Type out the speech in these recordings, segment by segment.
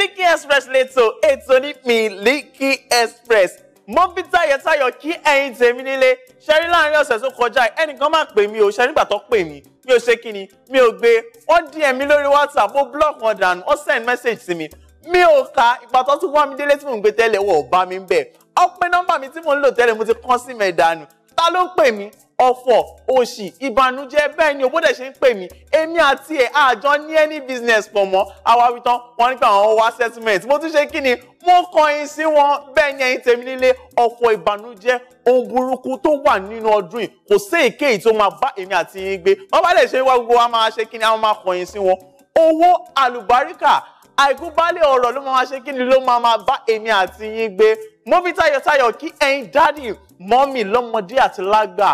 Miliki Express lẹ́tọ̀ ètò ní Miliki Express mo bí tayọ̀tayọ̀ kí ẹ̀yin tèmi nílé ṣẹ́rí láàrin ọ̀sẹ̀ tó kọjá ẹnìkan máa pè mí o ṣẹ́rí ìgbà tó pè mí mi ò ṣe kí ni mi ò gbé wọ́n DM mi lórí WhatsApp mo block wọn dànù wọ́n send message sí mi mi ò ka ìgbà tó tún wá mi délé tí mò ń gbé tẹ́lẹ̀ wọ̀ ò bá mi bẹ̀ ọpẹ́ nọ́mbà mi tí mo ń lò tẹ́lẹ̀ mo ti kàn sí mẹ́ẹ̀dánù ta ló ń pè mí ọ̀fọ̀ òṣì ìbànújẹ́ bẹ́ẹ̀ ni òbódẹ̀ ṣe ń pè mí èmi àti ẹ̀ àjọ ní any business pọ̀ mọ́ àwa wítan wọn nípa àwọn wá settlement mo tún ṣe kí ni mo kọyìn sí wọn bẹ́ẹ̀ ni ẹ̀yin tèmi nílé ọ̀fọ̀ ìbànújẹ́ ohun burúkú tó wà nínú ọdún yìí kò sí èkéyìí tó máa bá èmi àti yín gbé wọn bá lè ṣe wá gbogbo wa máa ṣe kí ni àwọn máa kọyìn sí wọn owó àlùbáríkà àìkú baálé ọ̀rọ̀ ló máa ṣe kí ni ló máa máa bá èmi àti yín gbé mo fi tayọ̀tayọ̀ kí ẹ̀yin dádì mọ́mì lọ́mọdé àti lágbà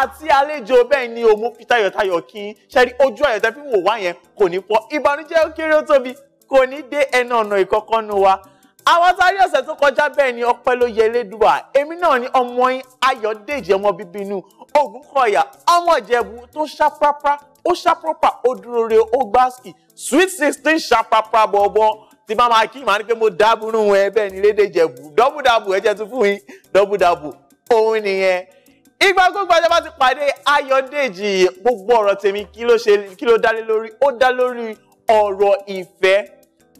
àti àlejò bẹ́ẹ̀ ni o mo fi tayọ̀tayọ̀ kí n ṣẹ́rí ojú ayọ̀ tẹ́ fi wò wá yẹn kò ní pọ̀ ìbànújẹ́ ó kéré ó tóbi kò ní dé ẹnu ọ̀nà ìkọ̀kọ́nu wa àwọn sáré ọ̀sẹ̀ tó kọjá bẹ́ẹ̀ ni ọpẹ́ ló yẹ Elédùà èmi náà ni ọmọ yín Ayọ̀dèjì ọmọ bíbí inú Ògúnkọ̀yà ọmọ Ìjẹ̀bú tó ṣá pápá ó ṣàpọ̀pà ó dúró re ó gbáàsì sweet sixteen ṣàpàpà bọ̀bọ̀ tí bá máa kí màá ní pé mo dábùrú ẹ bẹ́ẹ̀ ni lédè jẹ̀bù dọ́bùdàbù ẹ̀jẹ̀ tún fún yín dọ́bùdàbù òun nìyẹn ìgbà gbogbo ajá bá ti pàdé Ayọ̀dèjì gbogbo ọ̀rọ̀ tèmi kí ló ṣe kí ló dálé lórí ó dá lórí ọ̀rọ̀ ìfẹ́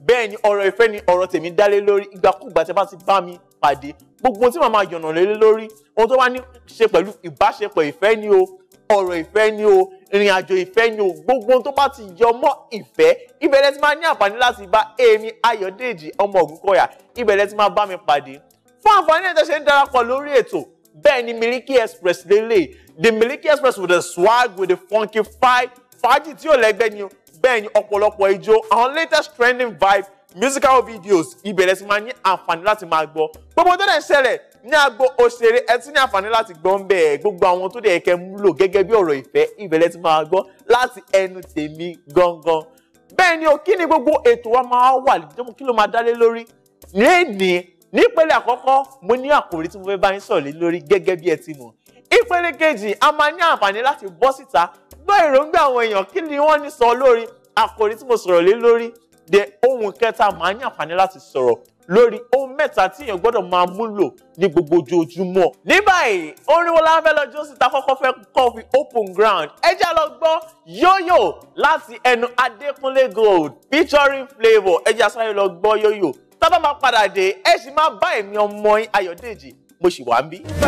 bẹ́ẹ̀ ni ọ̀rọ̀ ìfẹ́ ni ọ̀rọ̀ tèmi dálé lórí ìgbàkúgbà tí a bá ti bá mi pàdé gbogbo tí màmá yọ̀nà lé lórí ohun tó bá ní ṣe pẹ̀lú ìbáṣepọ̀ ìfẹ́ ni o ọ̀rọ̀ ìfẹ́ ni o ìrìn àjò ìfẹ́ ni o gbogbo ohun tó bá ti yọ mọ́ ìfẹ́ ibẹ̀ lẹ ti máa ní àǹfààní láti bá èmi Ayọ̀dèjì ọmọ Ògúnkọ̀yà ibẹ̀ lẹ ti máa bá mi pàdé fún àǹfààní ẹ̀tẹ́ ṣe ń darapọ̀ lórí ètò bẹ́ẹ̀ ni Miliki Express lélẹ̀ the Miliki Express with the swag with the funky five fàájì tí ò lẹ́gbẹ́ ni o bẹ́ẹ̀ ni ọ̀pọ̀lọpọ̀ ijó àwọn latest trending vibe musical videos ibẹ̀ lẹ ti máa ní àǹfààní láti máa gbọ́ gbogbo tó dẹ̀ ń ṣẹlẹ̀ ní agbo òṣèré ẹ tún ní àǹfààní láti gbọ́ ń bẹ̀ gbogbo àwọn tó dẹ̀ kẹ́ mú lò gẹ́gẹ́ bí ọ̀rọ̀ ìfẹ́ ìbẹ̀lẹ̀ ti máa gbọ́ láti ẹnu tèmi gangan bẹ́ẹ̀ ni o kí ni gbogbo ètò wa máa wà lójúmọ́ kí ló máa dálé lórí lẹ́ẹ̀ni nípele àkọ́kọ́ mo ní àkòrí tí mo fẹ́ bá yín sọ̀rọ̀ lé lórí gẹ́gẹ́ bí ẹ ti mọ̀ ìpele kejì a máa ní àǹfààní láti bọ́ síta gbọ́ ni wọ́n ní sọ lórí àkòrí tí mo sọ̀rọ̀ lé lórí de ohun lórí ohun mẹ́ta tí èèyàn gbọ́dọ̀ máa múlò ní gbogbo ojoojúmọ́. ní báyìí orin wo la ń fẹ́ lọ jó síta kọ́kọ́ fẹ́ kọ́ fi open ground ẹ já lọ gbọ́ yóyò láti ẹnu Adékúnlé Gold featuring Flavour ẹ já sáré lọ gbọ́ yóyò tábà máa padà dé ẹ sì máa bá èmi ọmọ yín Ayọ̀dèjì mo sì wà ń bí.